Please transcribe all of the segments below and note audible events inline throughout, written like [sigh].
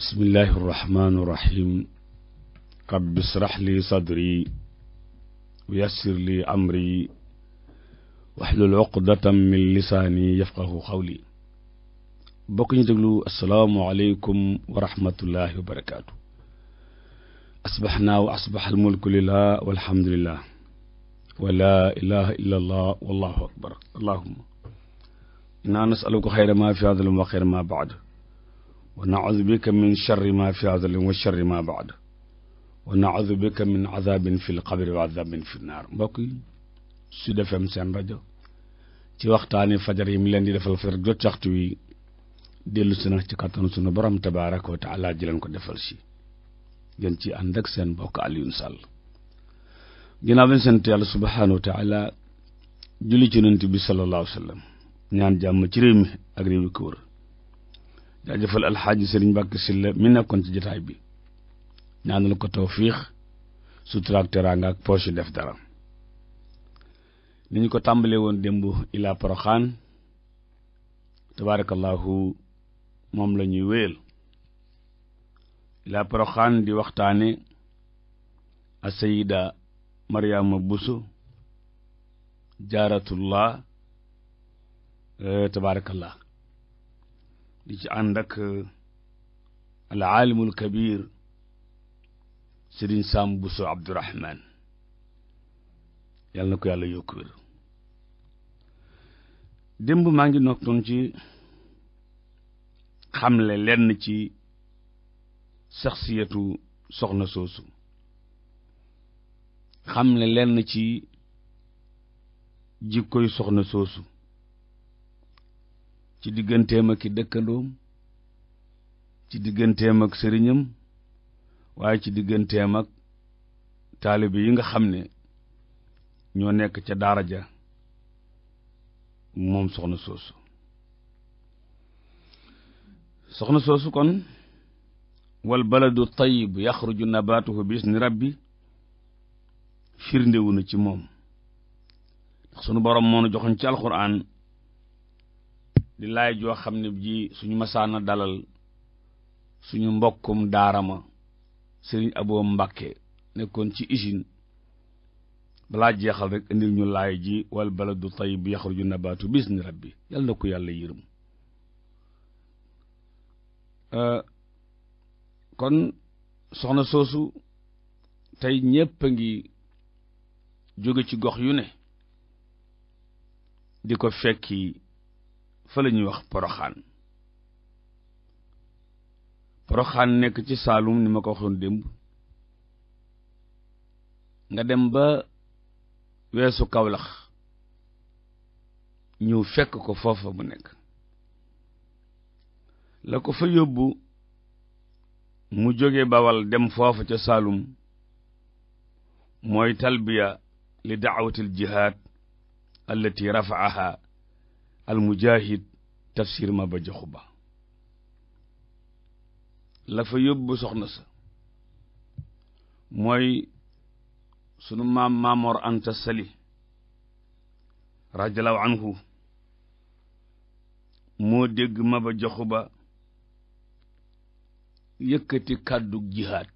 bismillahi irrahmani irrahim rabbi israh li sadri wa yassir li amri waxlul uqdatam min lisaani yafqahu xawli bokk ñu déglu asalaamualeykum wa rahmatullahi wa barakaatu asbaxnaa wa asbax almulku lillah walhamdulillah wa laa ilaha illa allah wallahu akbar allahuma inna nasaluka xayra ma fi hada wa xayra ma baad wa naudu bika min charri ma fi hadalin wa charri ma baad wa naudu bika min azabin fi lqabri wa azabin fi naar mbokk yi Sud FM seen rajo ci waxtaani fajar yi mi leen di defal fajar jot waxtu wi dellu si na ci kattanu sunu borom tabaaraka wa taala ji leen ko defal si gen ci ànd ak seen mbokk Alioune Sall ginnaaw bi sant yàlla subhaanahu wa taala julli ci nant bi sallallahu wa sallam ñaan jàmm ci réew ak réew yi jaajëfal alxaaji sëriñ Mbàkke Sylla nekkoon ci jotaay bi ñaanal ko tawfiix sutura ak teraanga ak def dara ni ñu ko tàmbalee woon démb ilaa Poroxaan moom la ñuy wéyal ilaa Poroxaan di waxtaane asayida Mariama Buso jaaratullah eh, tabaarakallaahu di ci ànd ak uh, al aalimul kabir Serigne Sam Bousso Abdourahman yàlla na ko yàlla yokk wér démb maa ngi noktoon ci xamle lenn ci saxsiyatu soxna soosu xamle lenn ci jikkoy soxna soosu ci digganteem ak ki dëkkandoom ci digganteem ak sëriñam waaye ci digganteem ak taalibe yi nga xam ne ñoo nekk ca daara ja moom soxna soosu soxna soosu kon wal baladu tayyib yaxruju nabaatuhu bi isni rabbi na ci moom ndax sunu boroom moo nu ci alxuraan di laay joo xam ne ji suñu masaana dalal suñu mbokkum daara ma sëriñ Aboo Mbàkke nekkoon ci usine balaa jeexal rek indil ñu laay ji wal baladu tayyib yaxruju nabaatu bi izni rabbi yàlla na ko yàlla yërëm euh, kon soxna soosu tey ñépp a ngi jóge ci gox yu ne di ko fekki fa la ñuy wax poroxaan poroxaan nekk ci saalum ni ma ko waxoon démb nga dem ba weesu kawlax ñëw fekk ko foofa mu nekk la ko fa yóbbu mu jóge bawal dem foofa ca saalum mooy talbiya li daawatil jihaad allati rafaaha almujaahid tafsir ma ba joxu ba la fa yóbbu soxna sa mooy sunu maam Maamoor Anta Sali radiallahu anhu moo dégg ma ba joxu ba yëkkati kàddug jihaad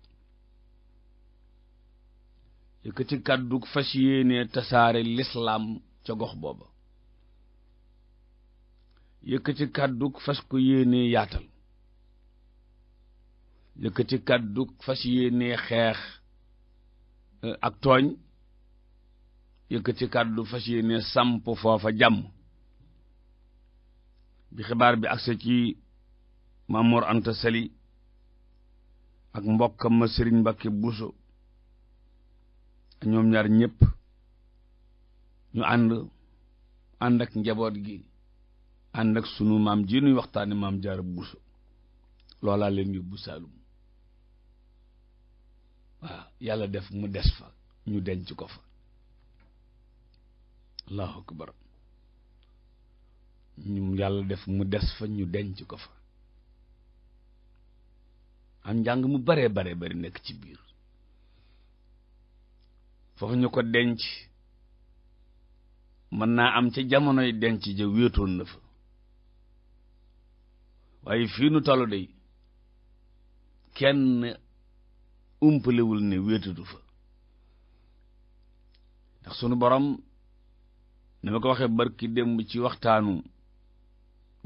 yëkkati kàddug fas yéene tasaare lislaam ca gox booba yëkkati kàddu fas ko yéene yaatal yëkkati kàddu fas yéene xeex eh, ak tooñ yëkkati kàddu fas yéene samp foofa jàmm bi xibaar bi agse ci Mamour Anta Sali ak mbokkam ma Sëriñ Mbàkke Buso ñoom ñaar ñépp ñu ànd ànd ak njaboot gi ànd ak sunu maam ji nuy waxtaane maam jaara buso loolaa leen yóbbu saalum waaw yàlla def mu des fa ñu denc ko fa allahu def mu des fa ñu denc ko fa am njàng mu bare bare bari nekk ci biir foofu ñu ko denc mën naa am ca jamonoy denc ja wéetoon na fa waaye fii nu tollu day kenn umpalewul ne wéetadu fa ndax sunu boroom ni ko waxee barki démb ci waxtaanu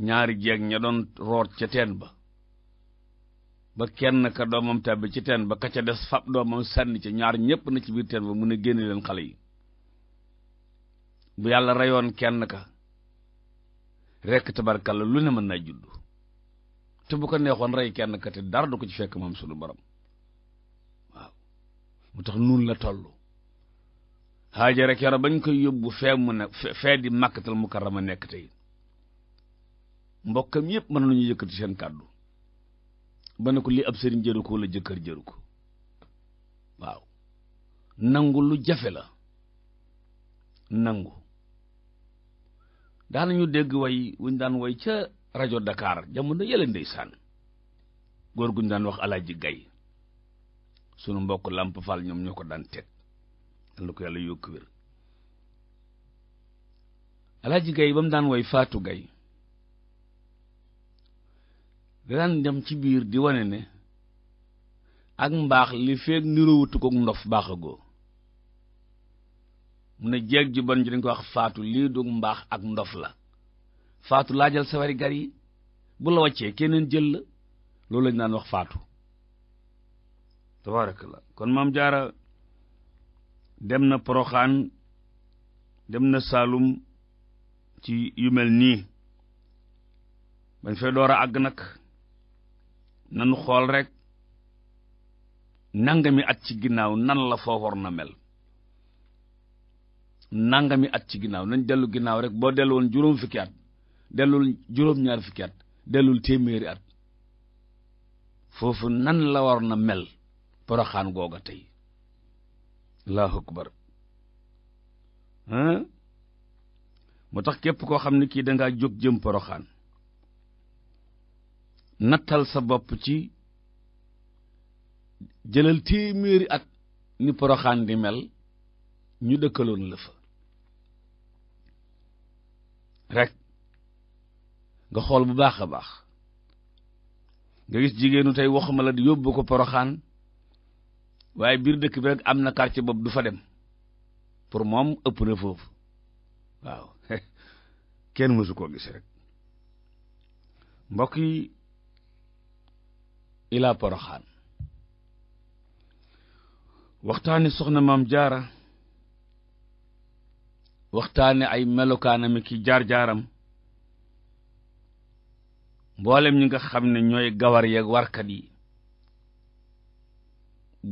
ñaari jeeg ña doon root ca teen ba ba kenn ka doomam tàbbi ci teen ba ka ca des fab doomam sànni ca ñaar ñépp na ci biir teen ba mu ne génne leen xale yi bu yàlla reyoon kenn ka rekk tabarkalla lu ne mën naa juddu te bu ko neexoon rey kenn kati dara du ko ci fekk moom sunu borom waaw mu tax nun la tollu Haajara keroog bañ koy yóbbu fee mu ne fee di Makkatal Mukarrama nekk tey mbokkam yëpp mën nañu yëkkati seen kàddu ba ne ko li ab sëriñ jëru ko wala jëkkër jëru ko waaw nangu lu jafe la nangu daanañu dégg way wuñ daan way ca rajo dakaar jamono yële ndeysaan góor gu ñu daan wax alaaji gay sunu mbokk làmp fal ñoom ñoo ko daan teg yàlla ko yàlla yokk wér alaaji gay ba mu daan woy faatu gay daan dem ci biir di wane ne ak mbaax li feeg niroowutu ko ndof baaxagoo mu ne jeeg ju bon ji dañ ko wax faatu lii du mbaax ak ndof la faatu laajal sawari gar yi bu la wàccee keneen jël la loolu lañu daan wax faatu tabarakallah kon maam jaara dem na poroxaan dem na saalum ci yu mel nii bañ fay door a àgg nag nanu xool rek nangami at ci ginnaaw nan la foo na mel nangami at ci ginnaaw nañ dellu ginnaaw rek boo dellu woon juróom fukki at dellul juróom-ñaar fukki at téeméeri at foofu nan la war na mel poroxaan googa tey allahu akbar moo tax képp koo xam ne kii danga jóg jëm poroxaan nattal sa bopp ci jëlal téeméeri at ni poroxaan di mel ñu dëkkaloon la fa rekk nga xool bu baax a baax nga gis jigéenu tey waxuma la yóbbu ko poroxaan waaye biir dëkk bi rek am na quartier bopp du fa dem pour moom ëpp na foofu waaw [laughs] kenn mësu koo gis rek mbokk yi ilaa poroxaan waxtaani soxna maam jaara waxtaani ay melokaanam ki jaar-jaaram mboolem ñi nga xam ne ñooy gawar yeeg warkat yi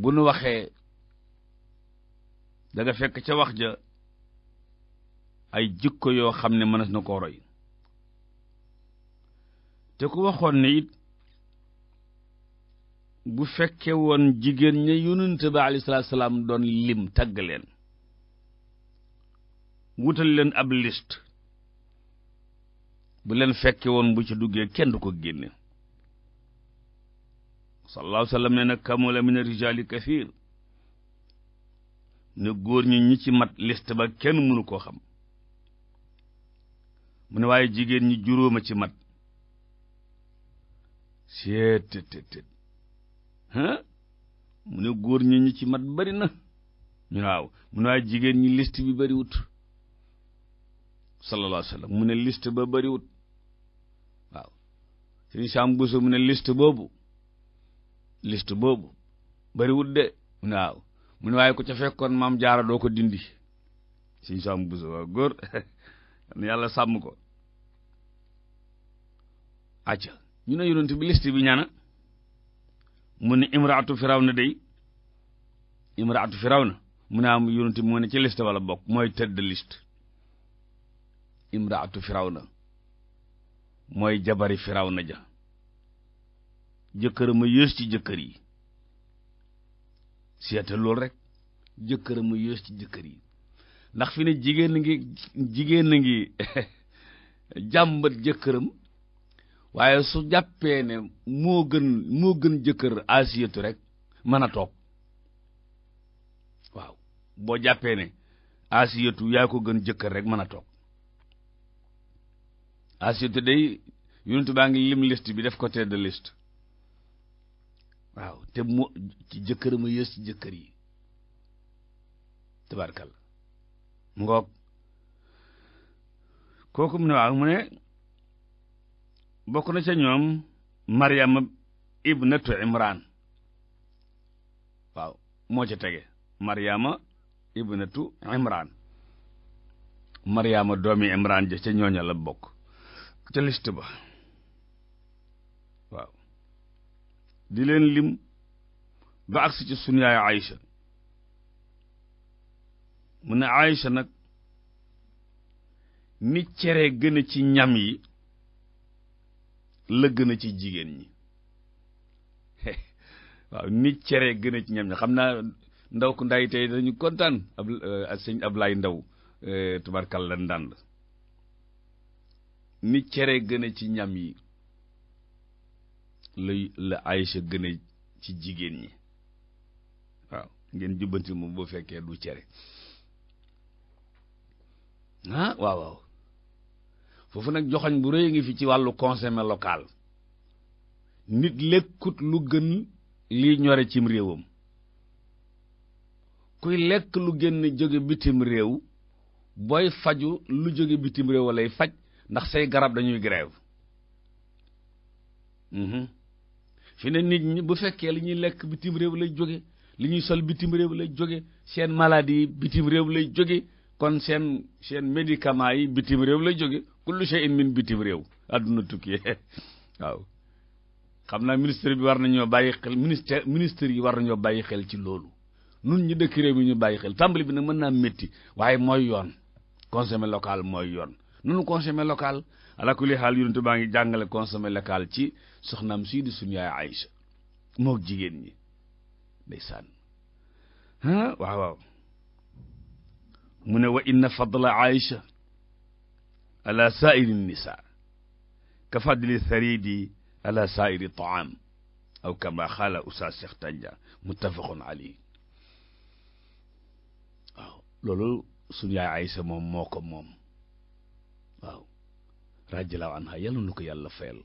bu nu waxee da fekk ca wax ja ay jikko yoo xam ne mënees na koo roy te ku waxoon ne it bu fekke woon jigéen ña yonent ba alayhi salaatu salaam doon lim tagg leen wutal leen ab liste bu leen fekke woon bu ci duggee kenn du ko génne sallallahu alayhi wa sallam ne na kamula min rijaali kathir ne góor ñi ñi ci mat liste ba kenn mënu koo xam mu ne waaye jigéen ñi juróoma ci mat seet mu ne góor ñi ñi ci mat bari na ñu waaw mu ne waaye jigéen ñi liste bi bariwut sallallahu alayhi wa sallam mu ne liste ba bariwut suñu saam busu mu ne liste boobu liste boobu bariwut de mu ne waaye ko ca fekkoon maam jaara doo ko dindi suñu saam busu waaw góor [laughs] yàlla sàmm ko acca ñu ne yonent bi liste bi ñaana mu ne imraatu firawna day imraatu firawna mu ne am yonent bi moo ne ci liste wala bokk mooy tëdd liste imraatu firawna mooy jabari firaw na ja jëkkër ma ci jëkkër yi seetal loolu rekk jëkkër ma ci jëkkër yi ndax fi ne jigéen na ngi jigéen na ngi [laughs] jàmbat jëkkëram waaye su jàppee ne moo gën moo gën jëkkër asiyatu rek mën a toog waaw boo jàppee ne asiyatu yaa ko gën jëkkër rek mën a toog Asiyatu day yonentu baa ngi lim liste bi def ko tête de liste waaw te mu ci jëkkër mu yées ci jëkkër yi tabarkal mu ngoog kooku ne waaw mu ne bokk na ca ñoom Maryama ibnatu Imran waaw moo doomi Imran ja ca ñooña la bokk ca ba waaw di leen lim ba agsi ci sunu yaay Aïcha mu na Aïcha nag ni cere gën a ci ñam yi la gën ci jigéen ñi [laughs] waaw ni cere gën a ci ñam ñi xam naa ndaw ku nday tey dañu kontaan ab eh, sëñ Ablaay Ndaw eh, tubarkal la ndànd ni cere gëne ci ñam yi lay la Aïcha gëne ci jigéen ñi waaw ngeen jubbanti moom bu fekkee du cere ah waaw waaw foofu nag joxoñ bu rëy ngi fi ci wàllu consommé local nit lekkut lu gën liy ñore cim réewam kuy lekk lu gën jóge bitim réew booy faju lu jóge bitim réew lay faj ndax say garab dañuy grève mhm. fi ne nit ñi bu fekkee li ñuy lekk bitim réew lay jóge li ñuy sol bitim réew lay jóge seen maladie yi bitim réew lay jóge kon seen seen médicament yi bitim réew lay jóge kullu shay'in min bitim réew àdduna tukki [laughs] waaw xam naa ministre bi war nañoo bàyyi xel ministère ministère yi war nañoo bàyyi xel ci loolu nun ñu dëkk réew mi ñu bàyyi xel tàmbali bi nag mën naa métti waaye mooy yoon consommer local mooy yoon nunu consommer local ala kulli xaal yonent baa ngi jàngale consommer ci soxnaam sii yaay Aïcha mook jigéen ñi ndeysaan waaw waaw mu ne wa inna fadla Aïcha ala saa'iri nisaa ka fadli tharidi ala saa'iri ta'am aw kama xaala Oustaz Cheikh Tandia muttafaqun alayhi ko moom waaw rajalaaw an yàlla nu ko yàlla fayal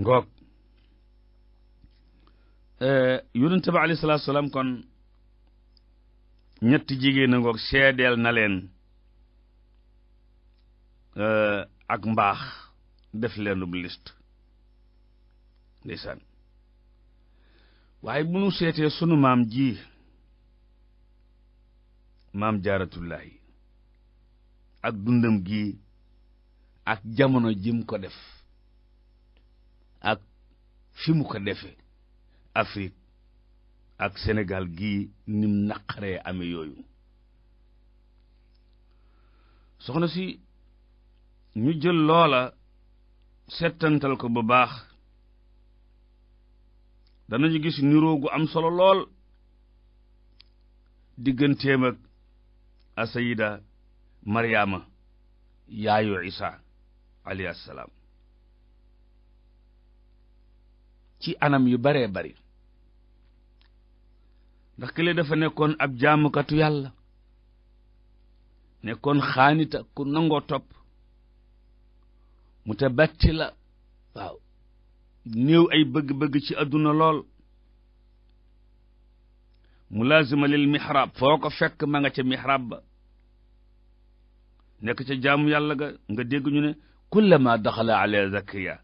ngoog eh, yonente ba alayhi kon ñetti jigéen a ngoog seedeel na leen eh, ak mbaax def leenub liste ndeysaan waaye bu nu seetee sunu maam ji maam jaaratullahi ak dundam gi ak jamono jim ko def ak fi mu ko defe Afrique ak Sénégal gi nim naqaree ame yooyu soxna si ñu jël loola settantal ko bu baax danañu gis niroo gu am solo lool digganteem ak asayida maryaama yaayu isa alayhi salaam ci anam yu baree bari ndax kële dafa nekkoon ab jàmmukatu yàlla nekkoon xaanita ku nangoo topp mu te batti la waaw néew ay bëgg-bëgg ci àdduna lool mu laazima lil mihrab foo ko fekk ma nga ca mihrab ba nekk ca jaamu yàlla ga nga dégg ñu ne kullama daxala ala zakariya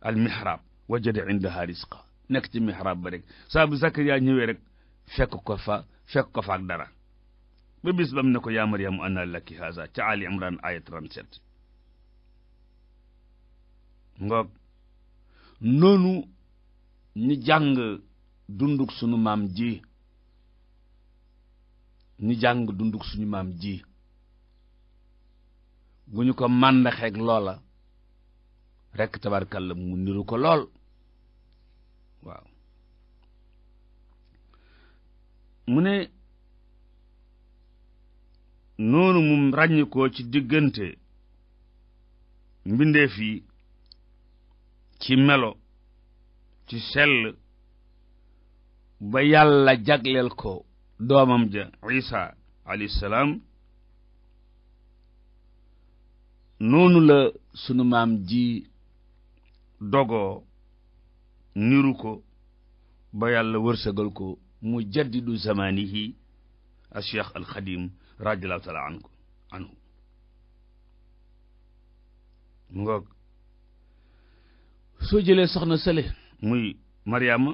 al mihrab wajada indaha risqa nekk ci mihrab ba rek saa bu zakariya ñëwee rek fekk ko fa fekk ko fa ak dara ba bis bam ne ko yaa maryamu anna laki haza ca ali imran aya 37 ngoog noonu ñu jàng dunduk sunu maam ñu jàng dunduk suñu maam ji bu ñu ko màndaxeeg loola rekk tabarkalla mu niru ko lool waaw mu ne noonu mu ràññikoo ci diggante mbindeef yi ci melo ci sell ba yàlla jagleel ko doomam ja isa alayhi salaam noonu la sunu maam ji dogoo niru ko ba yàlla wërsëgal ko mu jaddidu zamanihi a cheikh alxadim radiallahu taala anhu anhu ngoog soo jëlee soxna sële muy mariama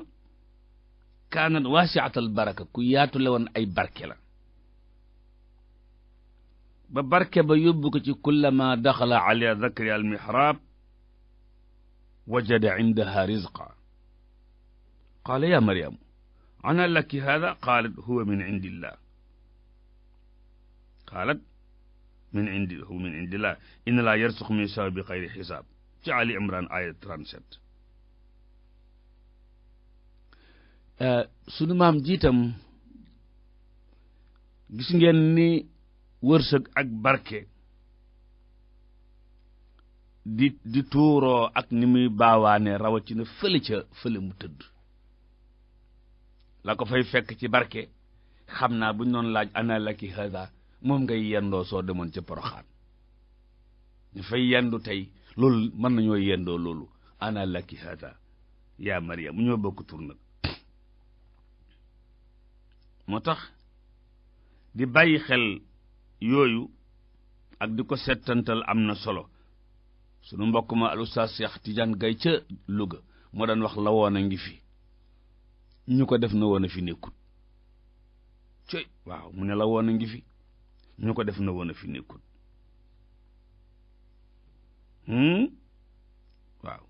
kaanat waasiatal baraka ku yaatu la woon ay barke la ba barke ba yóbbu ko ci kullama daxala ala zakari al mihrab wajada indaha rizqa qaala ya maryamu ana laki hada qaalat huwa min indillah qaalat min indi huwa min indillah inna laa yarsuq min shaw bi xayri xisaab ci Ali Imran aya 37 sunu maam jiitam gis ngeen ni wërsëg ak barke di di tuuroo ak ni muy baawaane rawatina fële ca fële mu tëdd la ko fay fekk ci barke xam naa bu ñu doon laaj ana laki hada moom ngay yendoo soo demoon ca poroxaan ñu fay yendu tey loolu mën nañoo yendoo loolu ana laki hada yaa Maryam mu ñoo bokk tur moo tax di bàyyi xel yooyu ak di ko settantal am na solo sunu mbokk ma al ustaas Cheikh Tidiane ca Louga moo daan wax la woon a ngi fi ñu ko def na woon a fi nekkut cëy waaw mu ne la woon a ngi fi ñu ko def na woon a fi nekkut hmm? waaw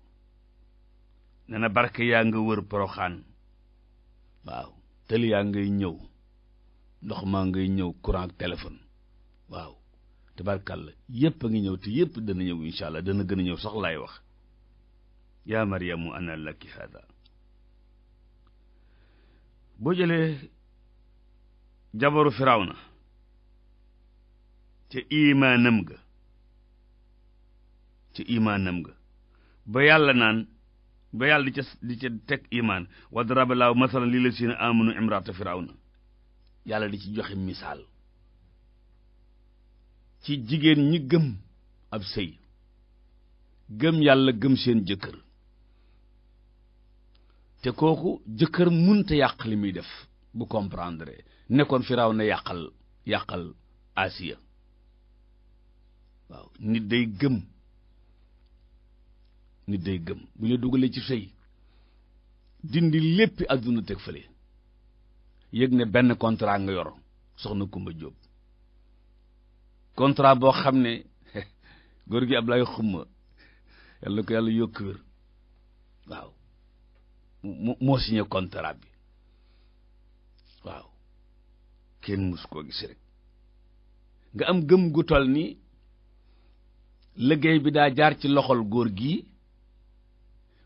ne na barke yaa nga wër poroxaan waaw tëli yaa ngay ñëw ndox maa ngay ñëw courant ak téléphone waaw tabarkàlla yépp a ngi ñëw te yépp dana ñëw incha allah dana gën a ñëw sax laay wax yaa maryamu ana laki hada boo jëlee jabaru firawna ca imaanam ga ca imaanam ga ba yàlla naan ba yàlla di ca di ca teg imaan wadrabalaahu masalan lii la siina amanu imraata firawna yàlla di ci joxe misaal ci jigéen ñi gëm ab sëy gëm yàlla gëm seen jëkkër te kooku jëkkër munta yàq li muy def bu comprendre nekkoon firaaw na yàqal yàqal asiya waaw nit day gëm nit day gëm bu ñu dugalee ci sëy dindi léppi àdduna teg fële yëg ne benn contrat nga yor soxna Kumba Jóob contrat boo xam ne [laughs] góor gi lay xumma yàlla ko yàlla yokk wér waaw mu moo signé contrat bi waaw kenn mus koo gis rek nga am gëm gu toll ni liggéey bi daa jaar ci loxol góor gi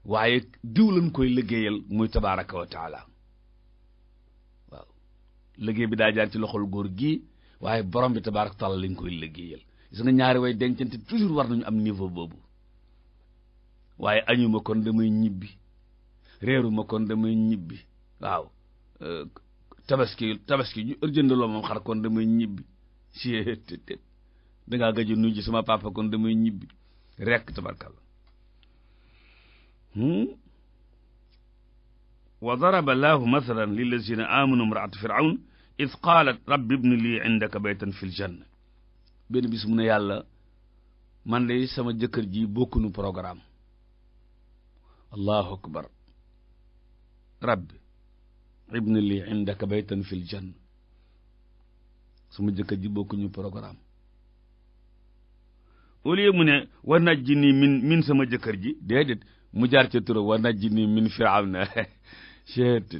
waaye diw lañ koy liggéeyal muy tabaaraka wa taala waaw liggéey bi daa jaar ci loxol góor gi waaye borom bi tabaaraka wa lañ koy liggéeyal gis nga ñaari way dencante toujours war nañu am niveau boobu waaye añuma kon damay ñibbi reeruma kon damay ñibbi waaw euh, tabaski tabaski ñu jëndaloo moom xar kon damay ñibbi si dangaa gëj a sama papa kon damay ñibbi rekk tabarkalla hmm? wa daraba laahu mathalan lillazina amanu imra'ata fir'awn id qaalat rabbi ibni lii indaka baytan fil janna benn bis mu ne yàlla man de sama jëkkër ji bokkunu programme allahu akbar rabbi ibni lii indaka baytan fil janna sama jëkkër ji bokkuñu programme au lieu mu ne war naj ji nii min min sama jëkkër ji déedéet mu jaar ca tura war naj ji nii min firawna [laughs] cheet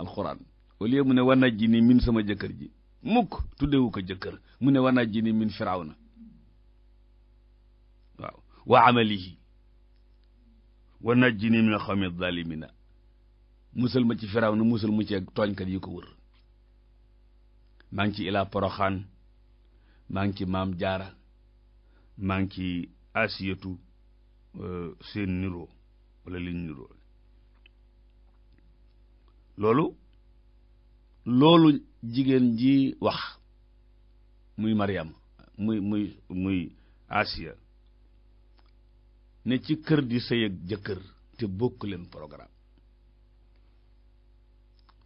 alquran au lieu mu ne war naa ji ni min sama jëkkër ji mukk tuddewu ko jëkkër mu ne war naa ji ni min firawna waaw wa amalihi war naa ji ni min xawmi zalimina musal ma ci na musal mu ci tooñkat yi ko wër maa ngi ci ilaa poroxaan maa ngi ci maam jaara maa ngi ci asiyatu euh, seen niroo wala liñ niroo loolu loolu jigéen ji wax muy Maryam muy muy muy Asiya ne ci kër di sëy ak jëkkër te bokk leen programme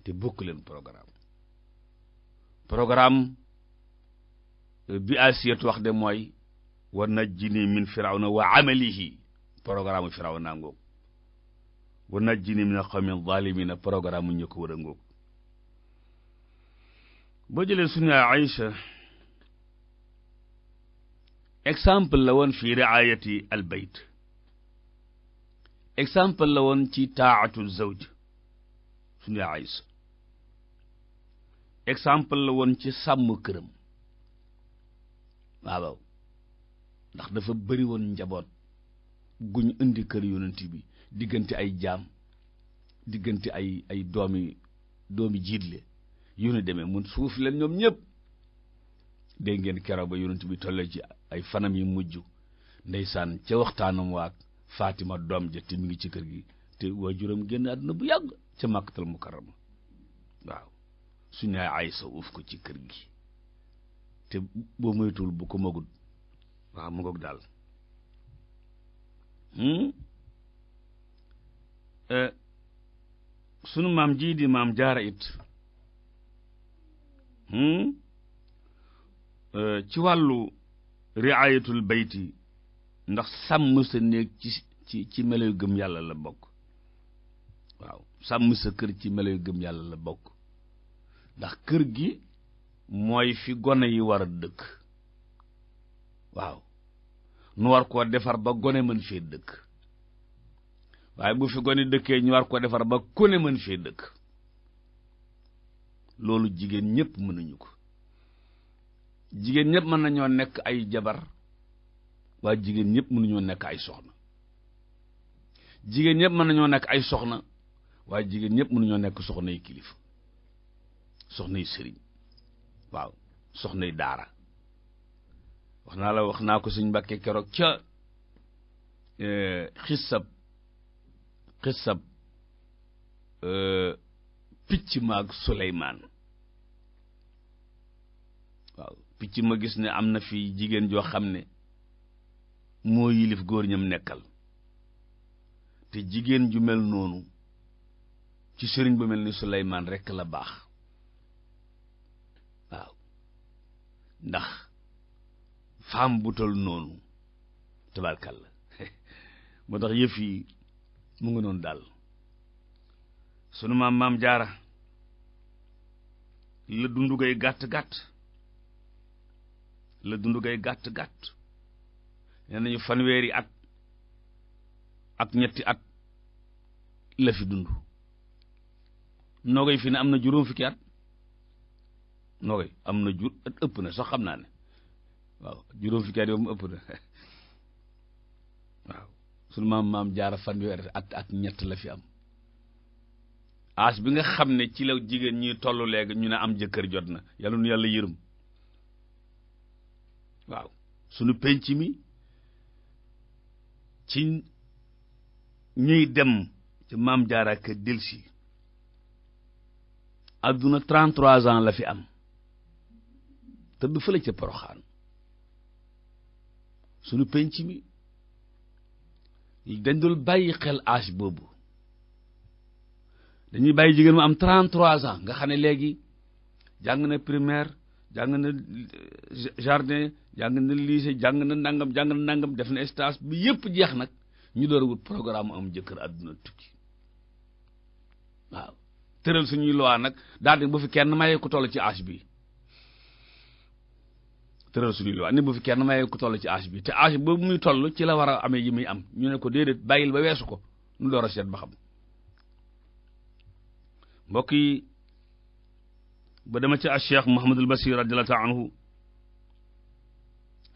te bokk leen programme programme euh, bi Asiyat wax de mooy wa najjini min firawna wa amalihi programme u firawna ngoog wa najjini min qawmi zalimina programme ñu ko war a ngoog boo jëlee suñu Aïcha exemple la woon fi riayati al bayt exemple la woon ci taatu zawj suñu Aïcha exemple la woon ci sàmm këram waaw ndax dafa bari woon njaboot guñ indi kër yonent bi diggante ay jaam diggante ay ay doomi doomi jiitle yu nu demee mun suuf leen ñoom ñëpp dégg ngeen keroog ba yonent bi tolle ci ay fanam yi mujj ndeysaan ca waxtaanam ak Fatima doom ja te mi ngi ci kër gi te waajuram génn àdduna bu yàgg ca Màkkatal Mukarrama waaw su ko ci kër gi te boo moytuwul bu mu ngoog daal hmm? eh, sunu maam jii di maam jaara it Hmm? Euh, ci wàllu riayatul bayti ndax sàmm sa néeg ci ci ci meloy gëm yàlla la bokk waaw sàmm sa kër ci meloy gëm yàlla la bokk ndax kër gi mooy fi gone yi war a dëkk waaw nu war koo defar ba gone mën fee dëkk waaye bu fi gone dëkkee ñu war koo defar ba ku ne mën fee dëkk loolu jigéen ñëpp nañu ko jigéen ñëpp mën nañoo nekk ay jabar waaye jigéen ñëpp mënuñoo nekk ay soxna jigéen ñëpp mën nañoo nekk ay soxna waaye jigéen ñëpp nañoo nekk soxna yu kilifa soxna yu sëriñ waaw soxna yu daara wax naa la wax naa ko suñ mbàkkee keroog ca eh, xissab xissab eh, picc ma ak Suleymaan waaw picc ma gis ne am na fi jigéen joo xam ne moo yilif góor ñam nekkal te jigéen ju mel noonu ci sëriñ bu mel ni Suleymaan rekk la baax waaw ndax faam bu tol noonu tabarkalla [laughs] moo tax yëf yi mu ngi noonu daal sunu maam maam jaara la dundu gay gàtt-gàtt la dundu gay gàtt-gàtt nee nañu fanweeri at ak ñetti at la fi dund noogay fi ne am na juróom fukki at noogay am na jur ëpp na sax xam naa ne waaw juróom fukki at yow mu ëpp na [laughs] waaw sunu maam maam jaara fanweeri at ak ñett la fi am as bi nga xam ne ci la jigéen ñi toll léegi ñu ne am jëkkër jot na yàlla nu yàlla yërëm waaw sunu penc mi ci ñuy dem ci maam jaara kër delsi adduna 33 ans la fi am te du fële ca poroxaan sunu penc mi dañ dul bàyyi xel âge boobu dañuy bay jigéen mu am 33 ans nga xam ne léegi jàng primaire jàng na euh, jardin jàng na lycée jàng na nangam jàng na nangam def na stage bi yépp jeex nag ñu door wut programme am jëkkër àdduna tukki waaw tëral ñuy loi nag daal di bu fi kenn mayee ku toll ci âge bi tëral suñuy loi ni bu kenn mayee ku toll ci âge bi te âge boobu muy toll ci la war a amee yi muy am ñu ne ko déedéet bàyyil ba weesu ko ñu door a seet ba xam mbokk yi ba dama ci Cheikh Mouhamadul Basir radiyallahu ta'ala anhu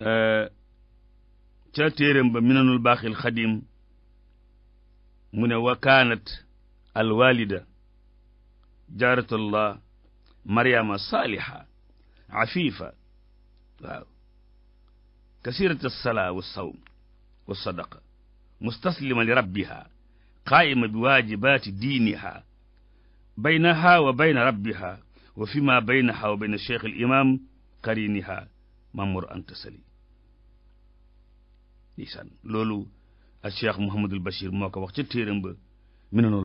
euh, ca téeram ba minanul baaxil xadim mu ne wa kaanat alwalida jaaratullah mariama saaliha afifa waaw kasirat alsalaa walsawm walsadaqa mustaslima li rabbiha qaa'ima bi waajibaati diiniha baynaha wa bayna rabbiha wa fi ma baynaha wa bayna cheikh al imam qariniha Mamour Anta Sali ndeysaan loolu ak cheikh Mouhamadul Bachir moo ko wax ca téeram ba mi